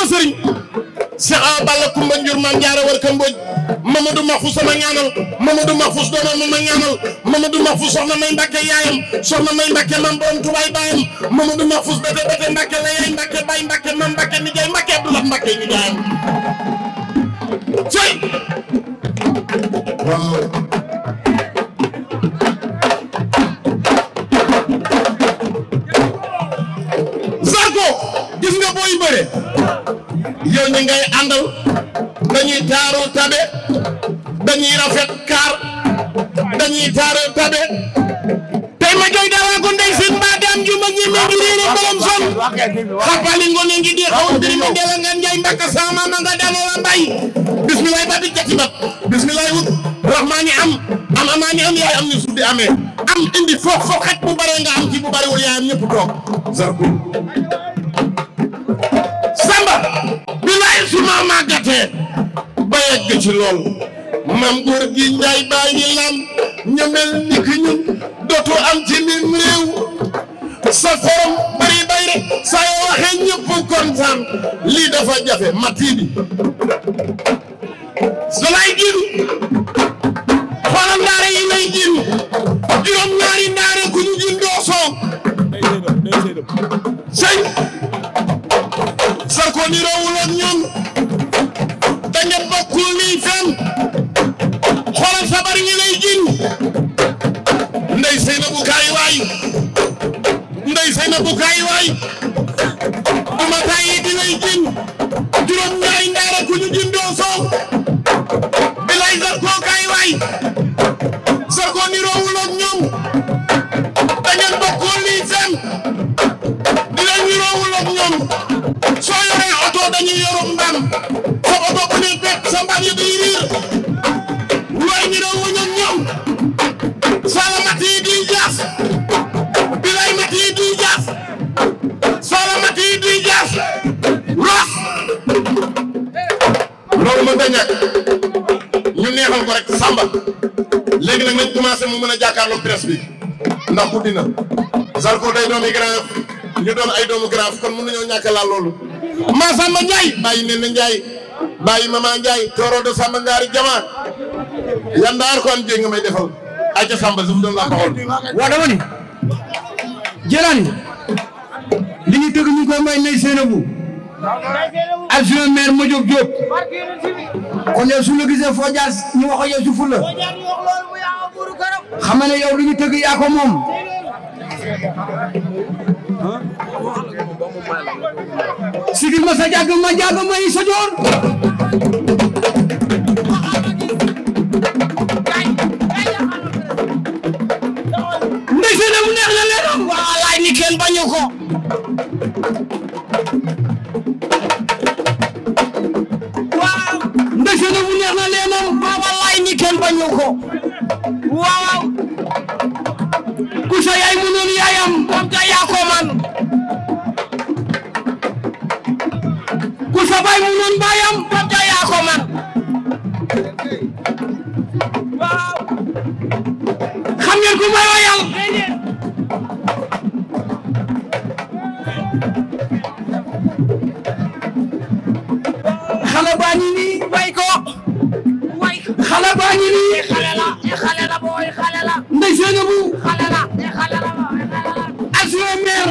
sama sëriñ Balla Kumba Njur maam Jaara war ka Mbodj Mamadou Mahfous sama ñaanal Mamadou Mahfous doomam ma ma ñaanal Mamadou Mahfous soxna May Mbàkke yaayam soxna May Mbàkke maam borom Tubaay baayam Mamadou Mahfous bété jaay Mbàkke Abdoulaye Mbàkke ni jaayam cey waaw gis nga booy bëre yow ñi ngay àndal dañuy taaru tabe dañuy rafet kaar dañuy taaru tabe tey ma joy dara ko ndey seen mbaadaam ju mag ñi mi ngi réere borom sol xapali ngone ngi di xaw diri mi ndela nga njaay mbakka sama ma nga dana la mbay bismillah ba bi jati bat bismillah wut rahmani am am amani am yaay am ni suddi amee am indi foog foog xaj bu bare nga am ci bu barewul yaayam ñëpp toog zarko Bamba bilaay su ma ba yegg ci lool mam góor gi njaay baa ngi lam ñu dootu am ci min réew sa forom bari bay rek saa yoo waxee ñëpp lii dafa jafe ma su lay jiitu xoolal ndaare yi lay juróom ñaari ndaare ku ñu jindoo soow ko niroowul ak ñun da xoolal sabar ñi lay jin ndey Seynabu kaay waay Bamba léegi nag nañ commencé mu mën a jàkkaarloog presse bi ndax guddi na Zarko day doomi Grand Yoff ñu doon ay doomu Grand Yoff kon mën nañoo ñàkk laal loolu Massamba Ndiaye bàyyi Nene Ndiaye bàyyi Mama Ndiaye tooro de Samba Ngaari Jama yandaar ko am jéeg nga may defal ayca Samba su mu doon la parole waa ni tëgg ñu may nay Seynabou adjoint maire ma jóg jóg kon yow su la gisee foo ñu waxo yow si fula xam ne yow li ñu tëgg yaa ko moom sigil ma sa jàgg ma jàgg may sa joor xale baa bu xale la xale la assuré a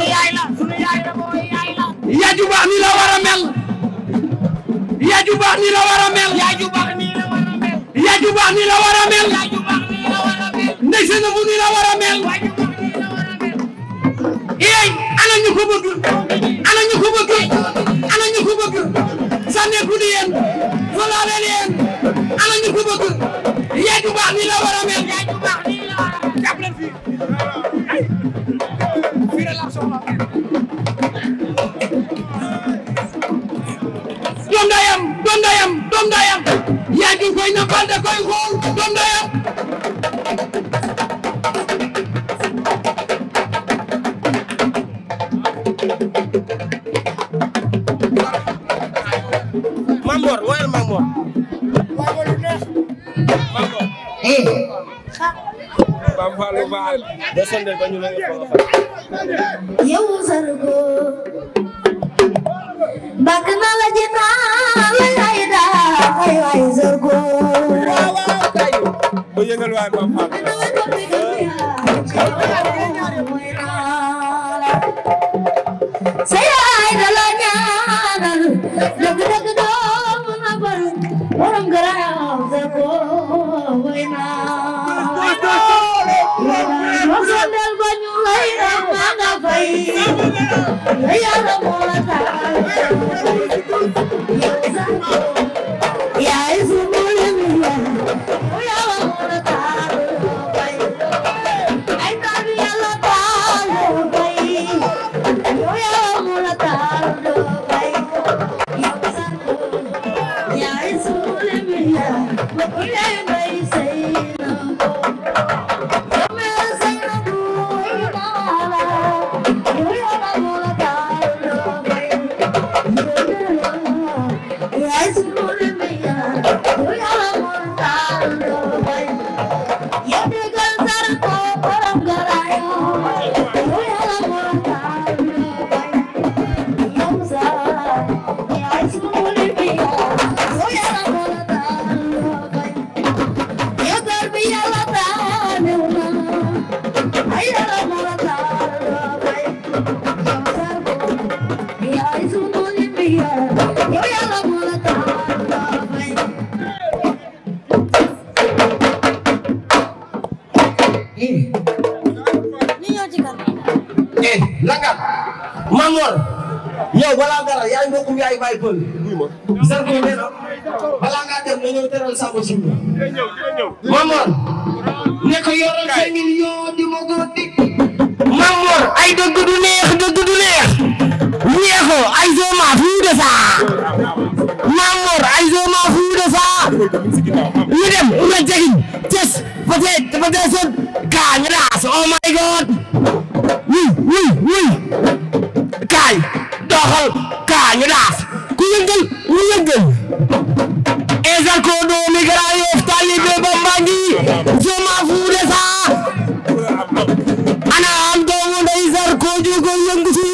mel ñu ko bëgg ñu ko bëgg ana ñu ko bëgg ñu ko bëgg yaay la war a mel la war a mel jàpp leen fii la soxla doom dayam doom dayam doom dayam yaay ju koy nampal da yow sargo bakk na la jënal ay ay ay sargo o yëngal waay mam xam Yeah, I'm eh langal Mangor yow balaa dara yaay mbokkum yaay bàyyi pël. Zarko nee na balaa ngaa dem nga ñëw teral Samba Sow. Mangor ne ko yoroon cinq millions di ma ko dig. Mangor ay dëgg du neex dëgg du neex. wiyee ko ay zoma fii de saa. Mamor ay zone fuu de saa ñu dem nga jegin tes peut-être peut-être son kaay raas oh my god wuy wuy wuy kaay doxal kaay raas ku yëngal ku yëngal ezal ko do mi Grand Yoff talibé Bamba ngi zone fuu de saa ana am doomu ndey zar ko ju ko yëngu si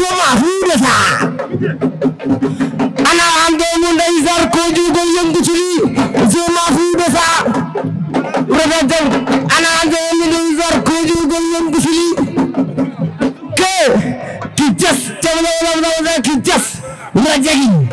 zone fuu de saa ndeysaan koo jugo yëngu ci lii jéem a fi ba saa rafetal ana ngeen ndeysaan koo jugo yëngu ci lii ke ki jas ca la la la ki jas la jegi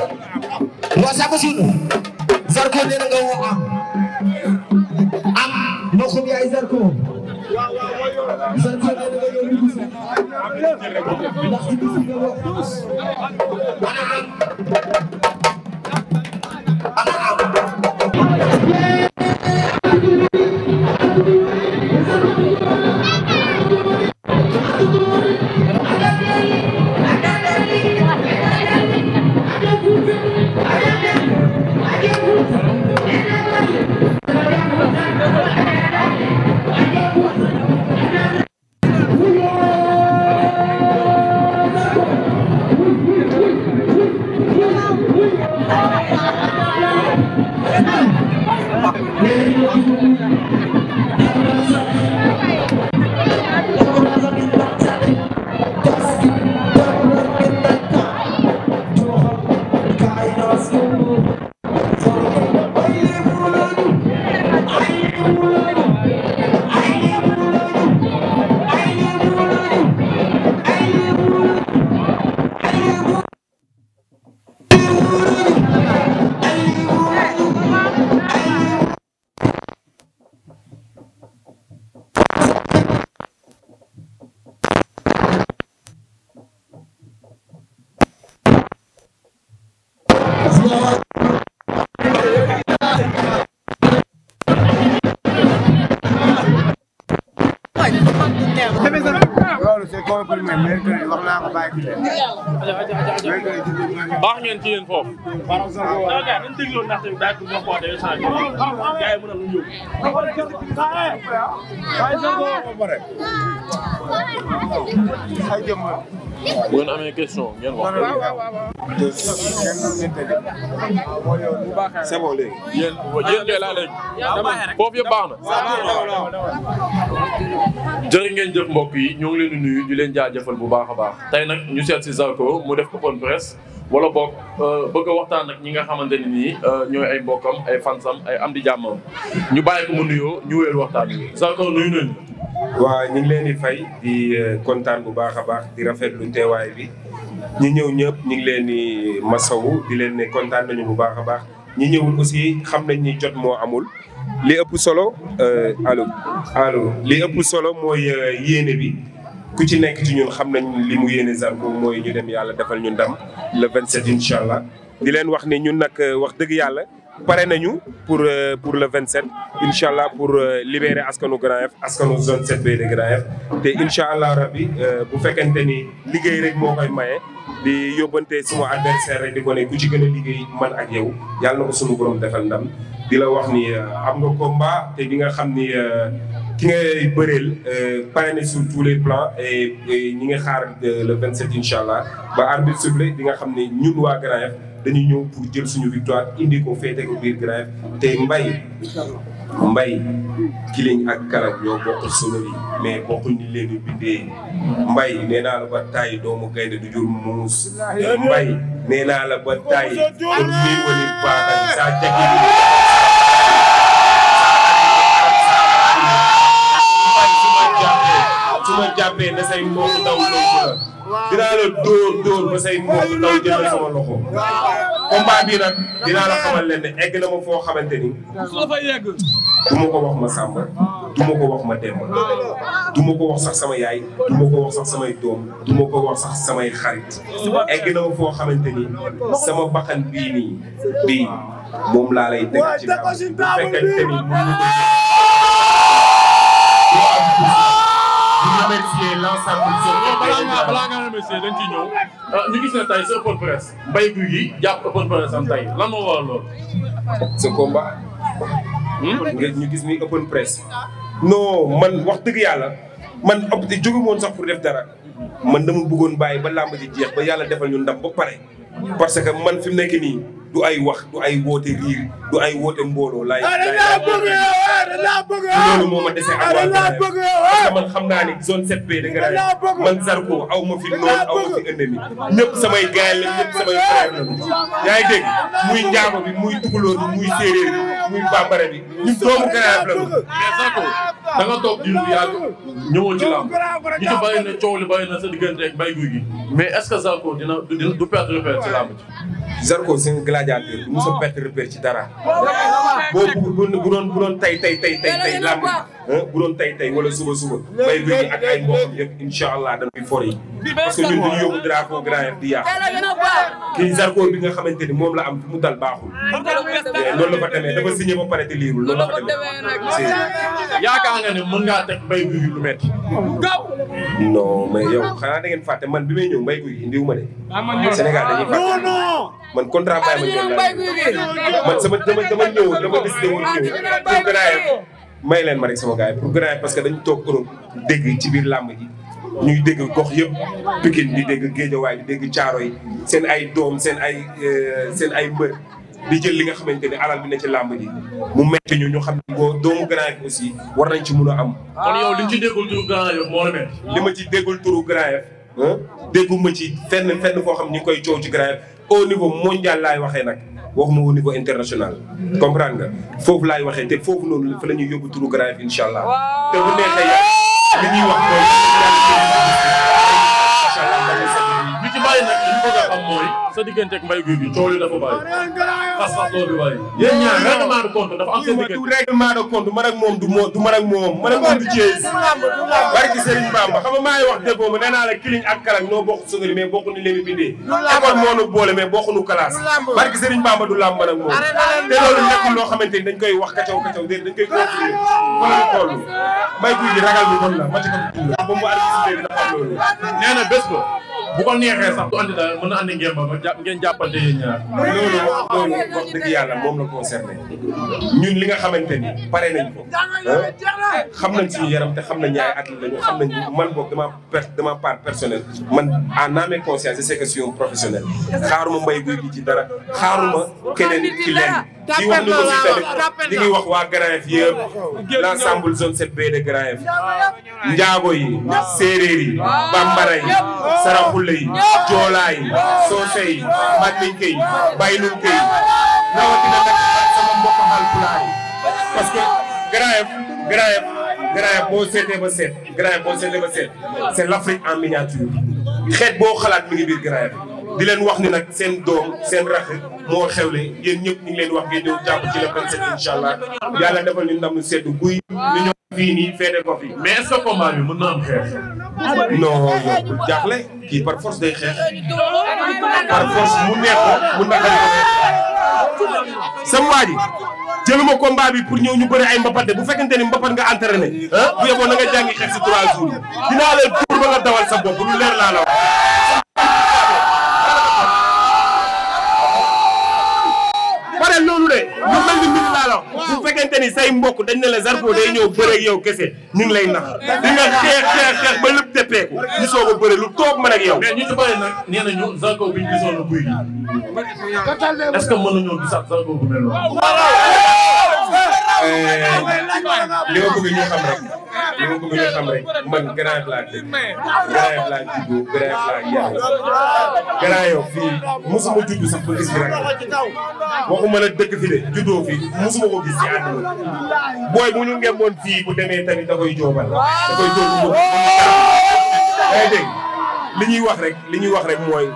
ngeen ci yéen foofu. waaw gars yi dañu déglu woon ndax tamit daa dugg wax day changé gars yi mu ne lu ñëw. bu ngeen amee question ngeen wax. c'est bon léegi. yéen yéen de laa léegi. foofu yëpp baax na. jërë ngeen jëf mbokk yi ñoo ngi leen di nuyu di leen jaajëfal bu baax a baax. tey nag ñu seet si Zarko mu def open press wala boog euh, bëgg a waxtaan ak ñi nga xamante ne nii euh, ñooy ay mbokkam ay fansam ay am di jàmmam ñu bàyyi ko mu nuyoo ñu wéyal waxtaan bi. Zarko nuyu nañu. waaw ñu ngi leen di fay di euh, kontaan bu baax a baax di rafetlu teewaay bi ñi ñëw ñëpp ñu ngi leen di masawu di leen ne kontaan nañu bu baax a baax ñi ñëwul aussi xam nañ ñi jot moo amul. li ëpp solo allo allo li ëpp solo mooy yéene bi. ku ci nekk ci ñun xam nañ li mu yéene Zarko mooy ñu dem yàlla defal ñu ndam le 27 incha allah di leen wax ni ñun nag euh, wax dëgg yàlla pare nañu pour euh, pour le 27 incha allah pour euh, libérer askanu Grand F askanu zone 7B de Grand F te incha rabbi bu fekkente ni liggéey rek moo koy maye di yóbbante suma adversaire rek di ko ne ku ci gën liggéey man ak yow yàlla na ko sunu borom defal ndam di la wax ni am na combat te di nga xam ni ki ngay bëreel euh, pare na sur tous les plans et ñi nga xaar euh, le 27 incha allah ba arbitre soufflé di nga xam ne ñun waa Grand dañuy ñëw pour jël suñu victoire indi ko féete ko biir Grand Yoff te mbay mbay Killing ak Kalag ñoo bokkul sonori mais bokkuñ ni leen di bindee mbay nee naa la ba taay doomu gaynde du jur muus mbay nee naa la ba taay pour nii wala baaxal saa su ma jàppee na say mbokk daw dinaa la dóor dóor ba say xamante ni ko wax ma sàmba duma ko wax ma demba du ma ko wax sax sama yaay duma ko wax sax samay doom du ma ko wax sax samay xarit egg na ma foo xamante ni sama bakkan bii nii bii moom laa lay teg ci bu fekkente ni l'ensemble balaa ngaa balaa ngaa remercier dañ ciy ñëw ñu gis ne tey sa open press Mbaye Gouy Gui jàpp open press am tey lan moo waral loolu sa combat hmm? ñu gis ni open press non man wax dëgg yàlla man op di jóge woon sax pour def dara man dama bëggoon bàyyi ba làmb ji jeex ba yàlla defal ñu ndam ba pare parce que man fi mu nekk nii du ay wax du ay woote riir du ay woote mbooloo. laay moo ma dese am man xam naa ni zone 7B da nga raay man Zarko aw ma fi noonu aw ma fi ennemi ñëpp samay gaay la ñëpp samay frère la yaa ngi dégg muy njaama bi muy tukulóor bi muy séeréer bi muy bambara bi ñun doomu da nga toog diir bu yàgg ñëwoon ci làmb ñu ci bàyyi na coow li bàyyi na sa diggante ak mbay guy gi mais est Zarko dina du perte repère ci Zarko c'est un gladiateur du mos a perte repère ci dara. boo bu doon bu doon tay tay tay tay tay làmb bu doon tay tay wala suba suba. bay bi ak ay mbokk yëpp incha allah dañuy for yi. parce que ñun dañuy yóbbu drapeau Grand Yoff di yàq kii Zarko bi nga xamante ni moom la am fu mu baaxul. loolu la ko eh, demee dafa signé ba pare te liirul loolu la ko demee. yaakaar nga mën ngaa teg mbay guy lu métti. non mais yow xanaa da ngeen fàtte man bi may ñëw mbay guy indiwuma de. Ah, Sénégal dañuy fàtte. man contrat bàyyi ma ñëw man sama dama dama ñëw dama ah, décidé woon ñëw pour Grand Yoff may leen ma rek sama gars yi pour Grand parce que dañu toog Europe dégg ci biir làmb ji. ñu dégg gox yëpp Pikine di dégg Géejawaay di dégg caaro yi seen ay doom seen ay euh, seen ay mbër di jël li nga xamante ne alal bi ne ci làmb ji mu metti ñu ñu xam ne boo doomu Grand Yoff aussi war nañ ci mun a am. li ñu ci déggul turu moo li ma ci déggul turu Grand Yoff déggu ma ci fenn fenn foo xam ñu ngi koy coow ci Grand Yoff au niveau mondial laay waxee nag. waxuma au niveau international. comprendre nga foofu laay waxee te foofu noonu fa la ñuy yóbbu turu Grand Yoff allah. te bu neexee yàlla li ñuy wax mooy. incha allah li ci bàyyi nag sa digganteeg mbay guy bi coow li dafa xas-xas loolu bari. yéen ñaar règlement de compte dafa am seen diggante. du règlement de compte barki Serigne Bamba xam nga wax déggoo ma nee la kiliñ ak karak ñoo bokk sëgëri mais bokk ni lemi bindee. école moo nu boole mais bokk nu classe. barki Serigne Bamba du làmb man moom. te loolu nekkul loo xamante dañ koy wax kacaw kacaw déedéet dañ koy continuer. kon nag guy ragal bi bon la ma ci ko tuur. ba mu arrêté si léegi dafa am loolu. nee na bés ba bu ko neexee sax du andi daal na andi ngeen ba ba jàpp ngeen jàppante yéen ñaar. loolu loolu wax dëgg yàlla moom la concerné ñun li nga xamante ni pare nañ ko ah, xam nañ si yaram te xam na ñaar at lañu xam nañ man boog dama per dama part personnel man en âme et conscience je sais que je suis un professionnel xaaruma mbay guy gi ci dara xaaruma keneen ci lenn. di wax lu aussi tamit di ngi wax waa Grand Yoff yëpp l' ensemble zone 7 njaago yi séeréer yi bambara yi saraxule yi joolaa yi soose yi matinke yi baylunke yi rawatina nag sama mbokk Haalpulaar yi parce que Grand Yoff Grand Yoff Grand Yoff boo ba seet Grand Yoff boo seetee ba seet c' est en miniature xeet boo xalaat mi ngi biir Grand di leen wax ni nag seen doom seen rakk moo xewle yéen ñëpp ñu leen wax ngeen ñëw jàpp ci le 27 incha allah yàlla defal ñu ndam sedd guy. ñu ñëw fii nii feete ko fi. mais est ce que bi mën kii par force day xeex. par mu neex ko mu naqari ko. sama waa ji jëluma pour ñëw ñu bëri ay mbapat de bu fekkente ni mbapat nga entraîné. Ah, bu yeboo si trois jours yi. dinaa la dóor ba nga dawal sa bopp lu leer laa la wax. fekkente ni say mbokk dañ ne la Zarko day ñëw bëre ak kese ñu ngi lay nax di nga xeex xeex xeex ba lépp teppeeku ñu soog a lu toog man ak yow. mais ñu ci bëri nag nee nañu Zarko bi ñu gisoon na guy gi est-ce que mën nañoo gisaat Zarko bu mel noonu. Eh, li ma bëgg ñu xam rek li ma bëgg ñu xam rek man grand laa dégg grand laa juddoo grand laa yaay grand yow fii mosuma juddu sax ba gis grand waxuma la fi de juddoo fi mosuma ko gis ci àdduna booy bu ñu ngemboon fii bu demee tamit da koy joobal da koy joobal day dégg li ñuy wax rek li ñuy wax rek mooy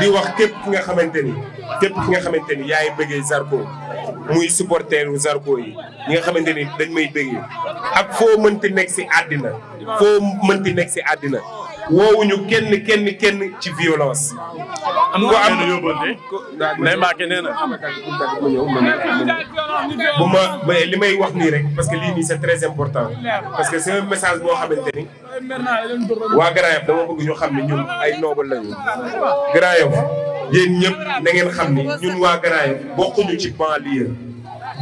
di wax képp ki nga xamante ni képp ki nga xamante ni yaay bëggee Zarko muy supporteru Zarko yi ñi nga xamante ni dañ may bëgg ak foo mënti nekk si àddina foo mënti nekk si àddina woowuñu kenn kenn kenn ci violence am ko am nday Mbacke nee na bu ma li may wax nii rek parce que lii nii c'est très important parce que c'est message boo xamante ni waa Grand Yoff dama bëgg ñu xam ne ñun ay noble lañu Grand yéen ñëpp na ngeen xam ni ñun waa Grand Yoff bokkuñu ci banlieue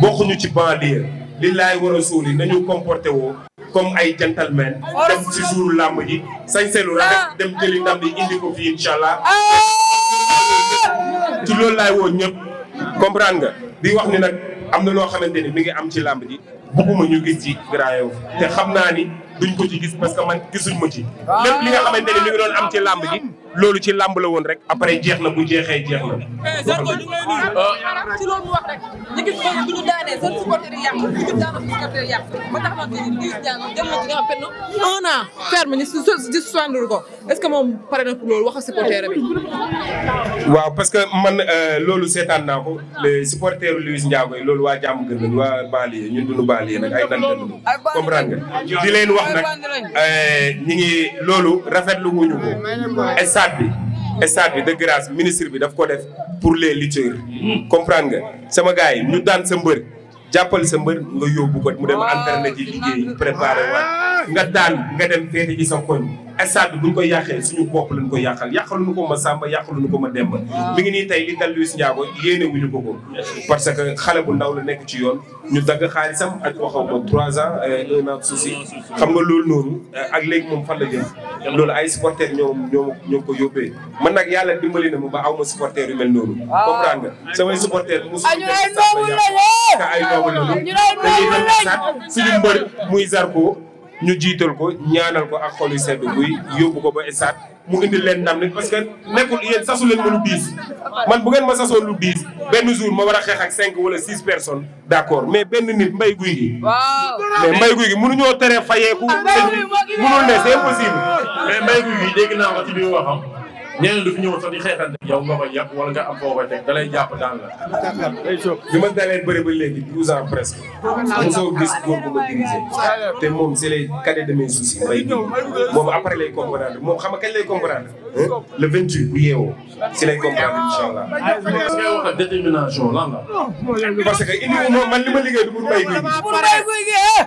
bokkuñu ci banlieue li laay war a suuli nañu comporté woo comme ay gentleman dem ci suur làmb ji sañ seelu ah. rafet dem jëli ndam bi indi ko fi incha allah ah. ci loolu laay woo ñëpp comprendre nga di wax ni nag am na loo xamante ni mi ngi am ci làmb ji bugguma ñu gis ci Grand Yoff te xam naa ni duñ ko ci gis parce que man gisuñ ma ci ah. lépp li nga xamante ne mi doon am ci làmb loolu ci làmb la woon rek après jeex na bu jeexee jeex na. Eh, Zarko ñu ngi lay nuyu. Ah. ci loolu na tey Liss Ndiago jël na est-ce que moom pare na loolu wax supporter bi. waaw parce que man euh, loolu seetaan naa ko les supporters Liss Ndiago yi loolu waa jàmm gën lañ waa banlieue ñun duñu banlieue nag ay nan la comprendre nga di leen wax. wax nag eh, ñi ngi loolu rafetlu wuñu ko stade bi stade bi de ministre bi daf ko def pour les lutteurs comprendre nga sama gars yi ñu daan sa mbër jàppal sa mbër nga yóbbu ko mu dem entraîné ji liggéey préparé waat nga daan nga dem feete ji sa koñ stade bi buñ koy yàqee suñu bopp lañ koy yàqal yàqaluñu ko ma Samba yàqaluñu ko ma Demba mm. mi ngi nii tey li dal Luis Ndiago yéene wuñu ko ko parce que xale bu ndaw la nekk ci yoon ñu dagg xaalisam ak waxaw ko trois ans euh, un an souci xam nga loolu noonu euh, ak léegi moom fan la jëm loolu ay supporters ñoom ñoo ko yóbbee man nag yàlla dimbali na mu ba aw ma supporters yu mel noonu comprendre nga samay supporters mosu ah, ay noobu ah, lañu ñu jiital ko ñaanal ko ak xol yu sedd buy yóbbu ko ba stade mu indil leen ndam nit parce que nekkul yéen sasu leen ma lu diis man bu ngeen ma sasoon lu diis benn jour ma war a xeex ak cinq wala six personnes d' accord mais benn nit mbay guy gi. waaw mais mbay mënuñoo tere fayeeku. mënul ne c' est impossible. mais mbay guy gi dégg naa ko ci waxam. nee na du fi ñëwoon sax di xeexante yow nga koy yàq nga am foo koy teg da lay la. bi ma dalee bëri ba léegi douze ans presque. mosoo gis góor bu ma dirigé. te moom c'est les cadets de mes soucis may bi moom après lay comprendre moom xam nga kañ lay comprendre. le vingt huit bu yeewoo si lay comprendre incha allah.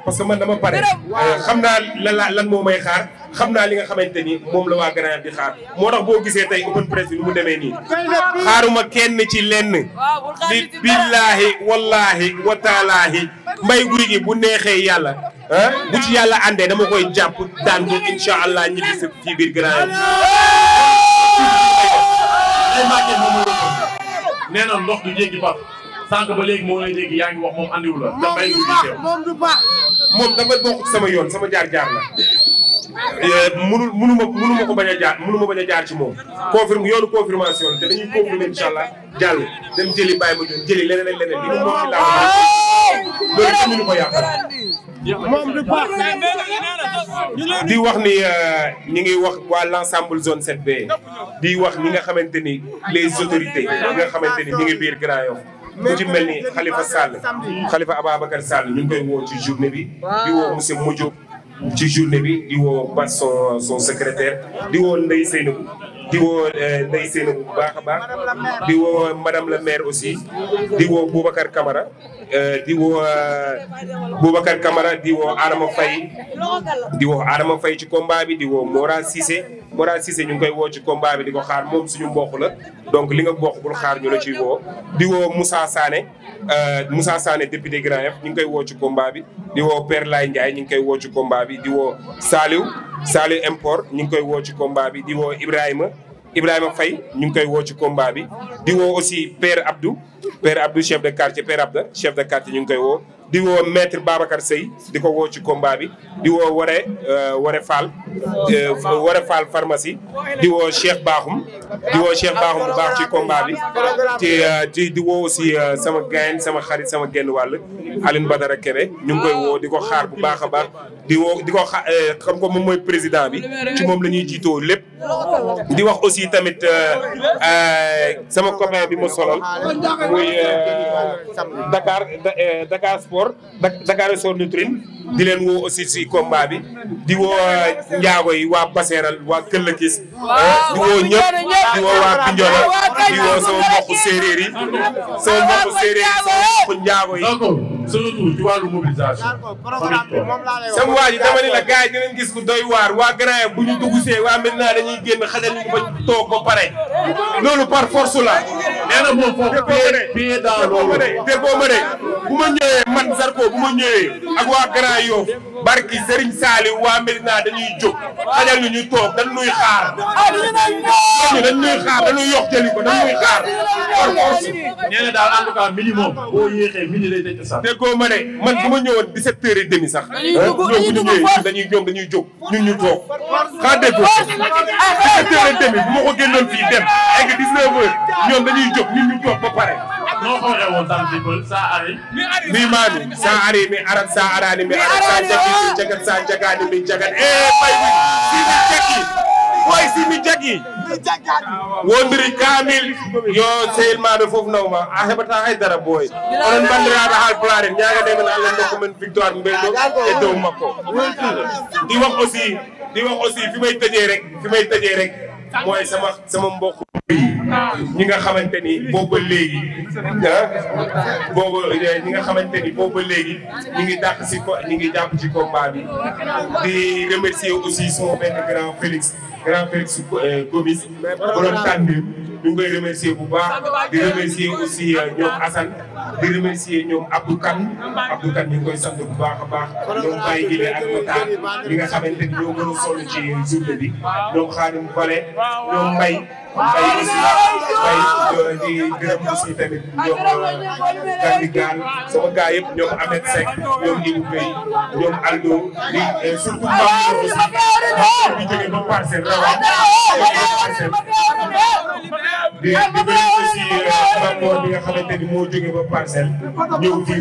parce que man dama pare euh, xam naa lan lan moo may xaar xam naa li nga xamante ni moom la waa Grand Yoff di xaar moo tax boo gisee tey open press bi nu mu demee nii xaaruma kenn ci lenn li billaahi wallaahi wa mbay guy gi bu neexee yàlla ah bu ci yàlla àndee dama koy jàpp daan ko allah ñibbi si ci biir Grand Yoff nee na ndox du jéggi pap sànq ba léegi moo lay dégg yaa ngi wax moom andiwu la. moom du baax baax moom dafa bokk sama yoon sama jaar-jaar la. mënul eh, mënu ma mënu ko bañ a jaar mënu ma bañ jaar ci moom. confirme yoonu confirmation te dañuy confirmer incha allah jàll dem jëli baay ma ñëw jëli leneen leneen li ma moom ci laa ko loolu ko yàqal. moom du baax di wax ni euh, ñi ngi wax waa l' ensemble zone 7B wax ñi nga xamante ni les autorités ñi nga xamante ni ñi ngi biir Grand Yoff ku ci mel ni Khalifa Sall Khalifa Ababacar Sall ñu ngi koy woo ci journée bi di woo monsieur Modjo ci journée bi di woo Bas son son secrétaire di woo Ndeye Seynabou di euh, baax a baax di woo madame la maire aussi di woo Boubacar Camara euh, di woo euh, Boubacar Camara di woo Adama Faye di woo Adama Faye ci combat di woo Mora Cissé Moral Cissé ñu ngi koy woo ci combat bi di ko xaar moom suñu mbokk la donc li nga bokk bul xaar ñu la ciy woo di woo saane Sané euh, Moussa Sané député Grand Yoff ñu ngi koy woo ci combat bi di woo Père Laye Ndiaye ñu ngi koy woo ci combat bi di woo Saliou Saliou Import ñu ngi koy woo ci combat bi di woo Ibrahima Ibrahima Faye ñu ngi koy woo ci komba bi di woo aussi Père Abdou Père Abdou chef de quartier Père Abda chef de quartier ñu ngi koy woo di woo maître Babacar Seye di ko woo ci combat bi di woo Ware euh, Ware Fall euh, Ware Fall pharmacie di woo Cheikh baaxum di woo Cheikh Bakhoum bu baax ci komba bi euh, te di woo aussi sama gain sama xarit sama genn wàll Aline Badara Kéré ñu ngi koy woo di ko xaar bu baax a baax di woo di ko xa eh, xam ko moom mooy président bi ci moom la ñuy jiitoo lépp di wax aussi tamit eh, eh, sama copain bi ma solal muy Dakar Dakar Sport Dakar Sport Nutrine di leen woo aussi si combat bi di woo njaago yi waa Passeral waa Këllëkis di woo ñëpp di woo waa Pinjolo di woo sama mbokku séeréer yi sama mbokku séeréer yi sama mbokku njaago yi surtout ci wàllu mobilisation. sama waa ji dama ni la gars yi dinañ gis ku doy waar waa Grand Yoff bu ñu dugg see naa Medina dañuy génn xajal ñu ba toog ba pare. loolu par force la. nee na moom foofu pied pied de bu ma ñëwee man Zarko bu ma ñëwee ak waa Grand Yoff barki Serigne Saliou waa Medina dañuy jóg xajal ñu ñu toog dañ nuy xaar. ñu dañ nuy dañuy yokk jëli ko dañ xaar. par force. nee na daal en tout cas midi moom boo yéexee midi lay tëj sax. ma ne man bu ma ñëwoon 17h30 sax. dañuy dugg dañuy jóg dañuy jóg ñun ñu toog. xanaa déggoo 17h30 bu ma ko génnoon fii dem egg 19h dañuy jóg ñun ñu toog ba pare. noo xoolee woon tam people saa ari mi maani saa ari mi arat saa araani mi arat saa jagi oh! mi jagat saa jagaani mi jagat eh bay mi si mi jagi boy si mi jagi wondiri kamil yo sehilmaɓe fof nawma a heɓata haydara boy onon bandiraɓe haalpulaar en ñagademen allah dokku men victoire mbelɗo ah, e dow makko ɗi wax aussi ɗi wax aussi fi may tëjee rek fi may tëjee rek mooy sama sama mbokk nga xamante ni booba léegi ah booba ñi nga xamante ni booba léegi ñi ngi dàq si ko ñi ngi jàpp ci combat bi di remercier aussi sama benn grand Félix grand Félix euh, Gomis borom tànn ñu ngi koy bu baax di remercier aussi euh, ñoom Assane di remercier ñoom Abdou Kane Abdou ñu ngi koy sant bu baax a baax ñoom Baye Guilé ak Matar ñi nga xamante ni ñoo gën a sonn ci journée bi ñoom Khadim kole ñoom Mbaye mbay aussi mbay di gërëm aussi tamit ñoom Gandi Gaal sama gars yëpp ñoom Ahmed Seck ñoom Ibou Gueye ñoom Aldo di surtout Pape aussi Pape bi jógee ba parcelle rawat di di gërëm aussi Pape bi nga xamante ni moo jógee ba parcelle ñëw fii